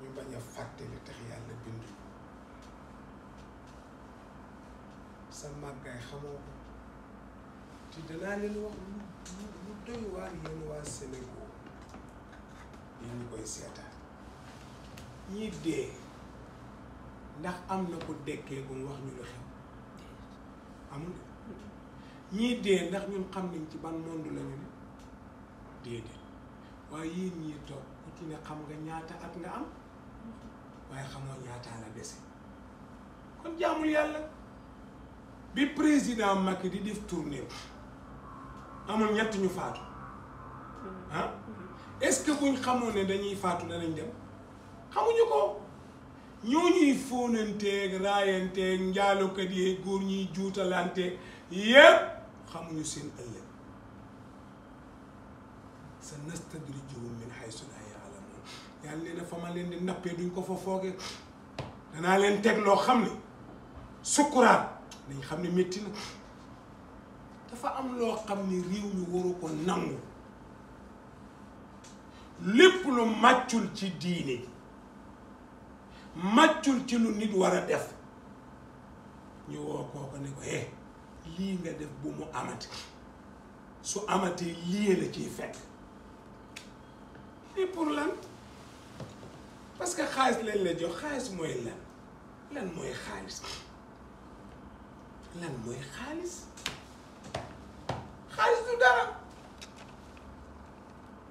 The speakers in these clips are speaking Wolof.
ñu bañ a fàtte li tax yàlla bindu sa màggaay xamoo ko te danaa leen wax lu lu doy waar yéen waa Sénégal yéen ñu koy seetaan ñi dee ndax am na ko dekkee bu mu wax ñu lu xew amul ñii dee ndax ñun xam nañ ci ban monde la ñu ne waaye yéen ñii toog ku xam nga ñaata at nga am waaye xamoo ñaata la yàlla bi président Macky di def tournée amul ñu faatu mm-hmm. ah? est-ce que buñ xamoon ne dañuy faatu danañ dem xamuñu ko ñooñuy fóonanteeg raayanteeg njaalukat yi góor ñuy juutalanteeg yépp xamuñu seen ëllëg sa nastadrijuhum min haysu laa ya'lamuun yàlla nee na fa ma leen di nappee duñ ko fa foogee danaa leen teg loo xam ne sukkuraat dañ xam ne metti na dafa am loo xam ne réew ñu waru ko nangu lépp lu màccul ci diine màccul ci lu nit war a def ñu woo kooko ne ko eh lii nga def bu mu amati su amatee lii la ciy fekk lii pour lan parce que xaalis lañ la jox xaalis mooy lan lan mooy xaalis lan mooy xaalis xaalis du dara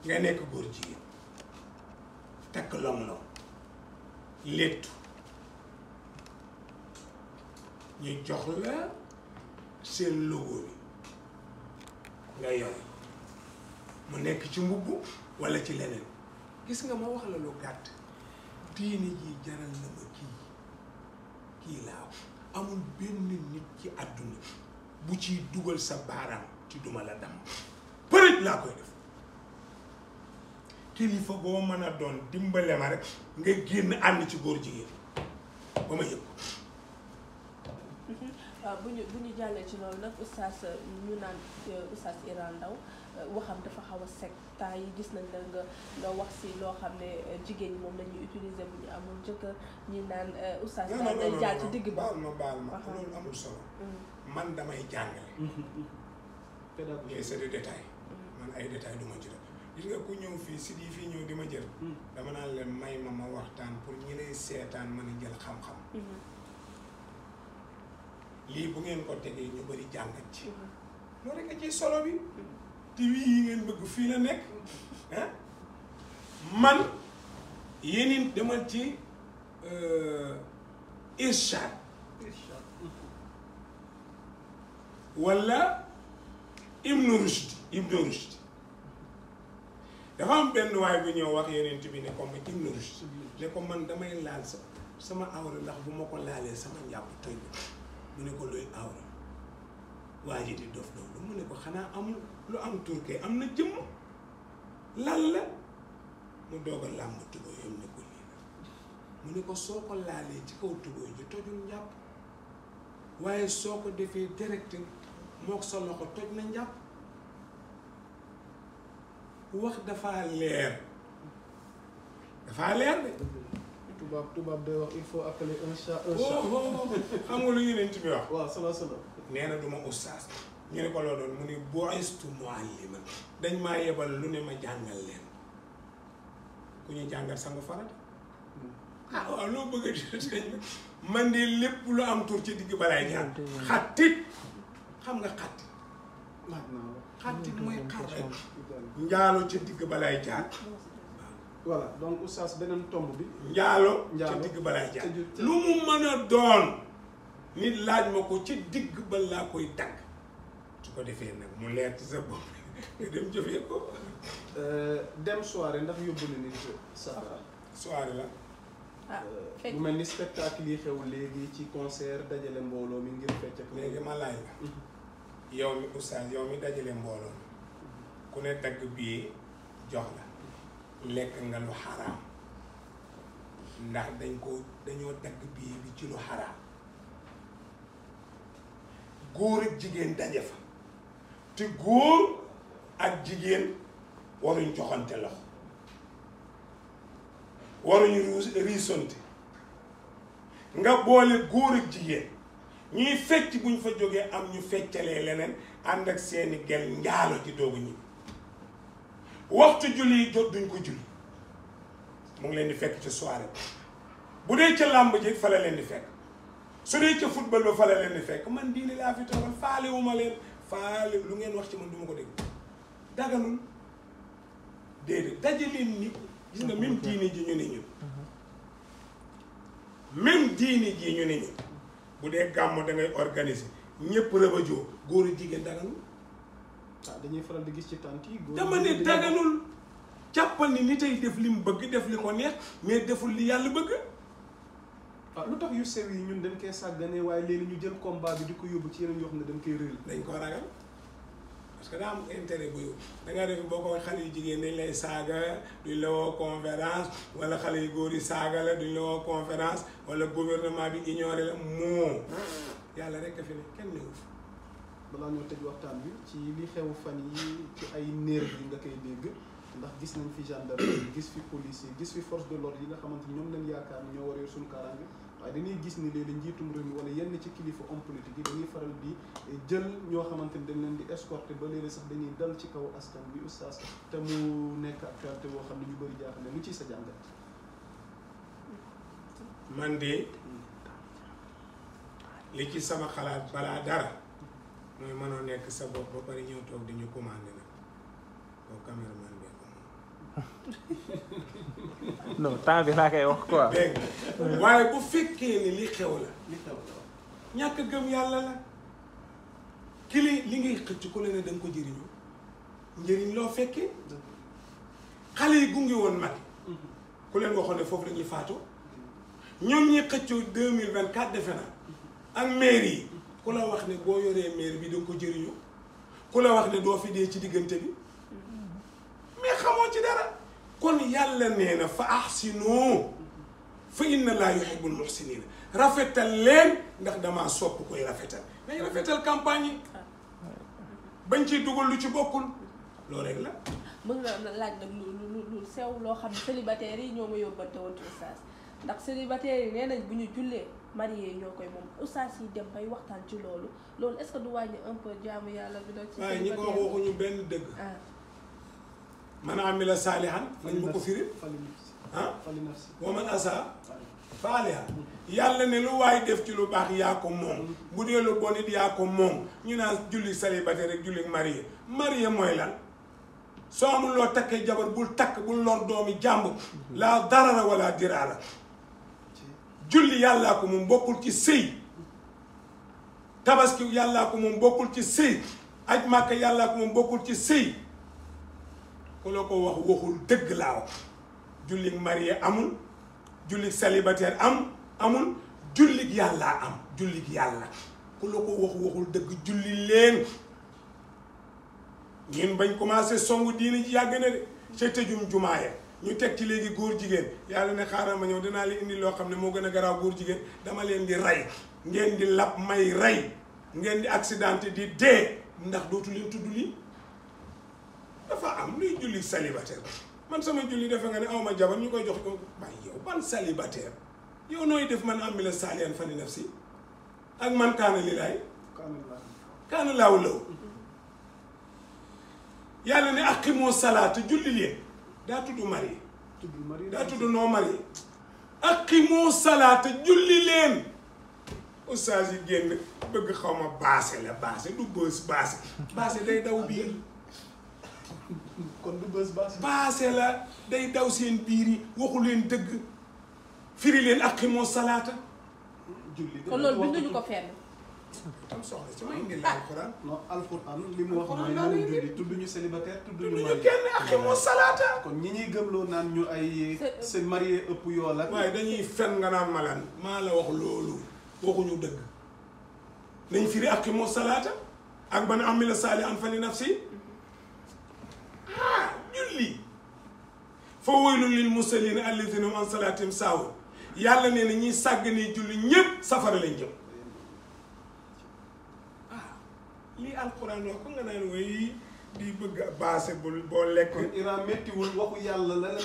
nga nekk góor jigéen takk lom-lom léttu ñu jox la seen logo bi nga yore mu nekk ci mbubb wala ci leneen gis nga ma wax la lu gàtt diine ji jaral na ma kii kii laa amul benn nit ci àdduna bu ci dugal sa baaraam ci duma la dam përëj laa koy def kilifa boo mën a doon dimbale ma rek nga génn ànd ci góor jigéen ba ma yëg waaw mhm. ah, bu ñu bu ñu jàllee ci loolu nag oustaz ñu naan euh, oustaz Iran Ndao waxam dafa xaw a sec yi gis nañ la nga nga wax si loo xam ne euh, jigéen ñi moom la ñuy utiliser bu ñu amul jëkkër ñu naan euh, oustaz day jaar ci digg baal ma baal ma loolu amul solo mm. man damay jàngale mais c'est des détails mm. man ay détails du ma ci ku ñëw fii si yi fii ñëw di ma jël mm. dama naan leen may ma ma waxtaan pour ñi lay seetaan mën a jël xam-xam mm-hmm. lii bu ngeen ko tegee ñu bëri jàngat ci mm-hmm. loolu rek ci solo bi mm-hmm. te wii yi ngeen bëgg fii la nekk man yeneen demal ci euh, irshad wala ibnu rushd ibnu rushd dafa am benn waay bu ñëw wax yeneen bi ne ko ma ibnu rushd ne ko man damay laal sama awra ndax bu ma ko laalee sama njàpp toj mu ne ko looy awra waa ji di dof dof lu mu ne ko xanaa amul lu am tur am na jëmm lan la mu doog làmb tubóoyam ne ko lii la mu ne ko soo ko laalee ci kaw tubóoy ji tojul njàpp waaye soo ko defee direct mook sa loxo toj na njàpp wax dafa leer dafa leer de tubaab tubaab day wax il faut appeler un chat un chat oh, oh, oh, xam nga lu yeneen ci wax waaw solo solo duma ustaas ñu ne ko loo dañ maa yebal ma jàngal leen ku ñuy jàngal sangu ah, ci digg ba ñaan xattit xam nga xattit ci digg ba jaar voilà donc beneen tomb bi njaalo ci digg balaay jaar lu mu mën a doon nit laaj ma ko ci digg ba laa koy tagg su ko defee nag mu leer ci sa bopp dem jëfee euh, ndax yóbbu na nit safara. soirée la. ah euh, mel ni spectacle yi xew léegi ci concert dajale mbooloo mi ngir fecc ak. léegi ma laaj la. Mhm. yow mi oustaz yow mi dajale mbooloo ku ne dagg bii jox la lekk nga lu xaraam ndax dañ ko dañoo dagg bii bi ci lu xaraam góor ak jigéen daje fa. te góor ak jigéen waruñ joxante loxo waruñu riisonte nga boole góor ak jigéen ñuy fecc buñ fa jógee am ñu feccalee leneen ànd ak seeni gel njaalo ci doogu ñi waxtu julli yi duñ ko julli mu ngi leen di fekk ci soirée bu dee ca làmb ji fa la leen di fekk su dee ca football ba fa la leen di fekk man diini laa fi toogal faale leen faale lu ngeen wax ci man du ko dégg daganul déedéet daje leen ni gis nga même diine ji ñu ne ñun ñu ne bu dee gàmmo da ngay organiser ñëpp rëbëjoo góor a jigéen daganul waaw ah, dañuy faral di gis ci tànt yi dama ne daganul jàppal ni nit ay def li mu bëgg def li ko neex mais deful li yàlla bëgg waaw lu tax yu sew yi ñun dañ koy sàggane waaye léegi ñu jël combat bi di ko yóbbu ci yeneen yoo xam ne dañ koy réel. dañ ko ragal parce que daa am intéret bu yóbbu da ngaa def boo ko xale yu jigéen dañ lay saaga duñ la woo conférence wala xale yu góor yi saaga la duñ la woo conférence wala gouvernement bi ignoré la yàlla rek a fi ne kenn néew balaa ñoo tëj waxtaan bi ci li xew fan yi ci ay néer bi nga koy dégg. ndax gis nañ fi gendarmerie gis fi police gis fi force de l'ordre yi nga xamante ni ñoom lañ yaakaar ni ñoo war yor suñu kaaraange waaye dañuy gis ni léegi njiitum réew mi wala yenn ci kilifa homme politique yi dañuy faral di eh, jël ñoo xamante ni dañ leen di escorter ba léegi sax dañuy dal ci kaw askan bi oustaz te mu nekk actualité woo xam ne ñu bëri jaaxle lu ci sa jàngat. man de li ci sama xalaat balaa dara mooy mënoo nekk sa bopp ba pare ñëw toog di ñu commandé non temps bi laa koy wax quoi. dégg waaye bu fekkee ni li xew la li ñàkk gëm yàlla la ki li li ngay xëcc ku la ne ko jëriñoo njëriñ loo fekkee xale yi gunge woon mag ku leen waxoon ne foofu la ñuy faatu ñoom ñi xëccoo deux mille vingt quatre defe na ak mair yi ku la wax ne boo yoree mair bi da ko jëriñu ku la wax ne doo fi dee ci diggante bi. mais xamoo ci dara kon yàlla nee na fa ahsinu fa inna laa yuhibbul muhsinina rafetal leen ndax damaa sopp koy rafetal nañ rafetal campagne yi bañ ciy dugal lu ci bokkul loolu rek la mën nga laaj nag lu lu lu sew loo xam ne célibataire yi ñoo ma yóbbante woon ci oustaz ndax célibataire yi nee nañ bu ñu jullee marié ñoo koy moom oustaz yi dem bay waxtaan ci loolu loolu est-ce que du wàññi un jaamu yàlla bi nag ci célibataire waaye ñi ko waxuñu benn dëgg ah. man amila saalihan nañ ma ko firi ah wa man asa faaliha yàlla ne lu waay def ci lu baax yaa ko moom bu dee lu bon it yaa ko moom ñu naan julli célibataire rek julli marié marié mooy lan soo amul loo takkee jabar bul takk bul lor doomi jàmb laa darara wala diraara julli yàllaa ko moom bokkul ci sëy tabaski yàllaa ko moom bokkul ci sëy aj màkka yàllaa ko moom bokkul ci sëy ku la ko wax waxul dëgg laa wax jullig marié amul jullig célibataire am amul jullig yàllaa am jullig yàlla ku la ko wax waxul dëgg julli leen ngeen bañ commencé songu diini ji yàgg na de ca tëjum jumaa ya ñu teg ci léegi góor jigéen yàlla ne xaaral ma ñëw dinaa leen indi loo xam ne moo gën a garaaw góor jigéen dama leen di rey ngeen di lab may rey ngeen di accidenté di dee ndax dootu leen tudd lii dafa am luy julli célibataire man sama julli defe nga ne aw jabar ñu koy jox ko waaye yow ban célibataire yow nooy def man am mi la saaliyan fani nafsi ak man kaana lilaay kaana laaw law yàlla ne aqimoo salaata julli leen daa tudd mari daa tudd noo mari aqimoo salaata julli leen ustaas yi génn bëgg xaw ma baase la baase du bës baase baase day daw biir kon du bës baase. la day daw seen biir yi waxu leen dëgg firi leen ak ximoo salaata. julli kon loolu binduñu ko fenn. li mu wax mooy ñu célibataire tudd kenn ak ximoo salaata. kon ñi ñuy gëmloo naan ñu ay. se marié ëpp yoo waaye dañuy fen nga naan malaan maa la wax loolu waxuñu dëgg nañ firi ak ximoo salaata ak man amila saalihan fa li nafsi ah julli fa waylun lil musallin alladina hum an salatihim saahun yàlla nee na ñiy sàgganee julli ñépp safara lañ jëm ah, lii alquran ko nga naan way di bëgg a baase bul boo lekk kon Iran waxu yàlla la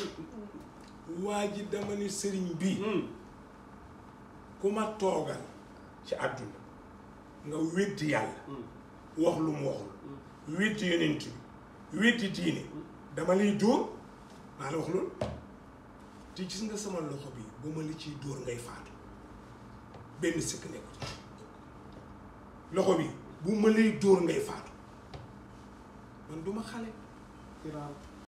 waa ji dama ne sëriñ bi hmm. ku ma toogal ci àdduna nga weddi yàlla hmm. wax lu mu waxul hmm. weddi yonent bi weddi diine dama lay dóor maa la wax loolu te gis nga sama loxo bi bu ma la ciy dóor ngay faatu benn sikk nekku loxo bi bu ma lay dóor ngay faatu man du ma xale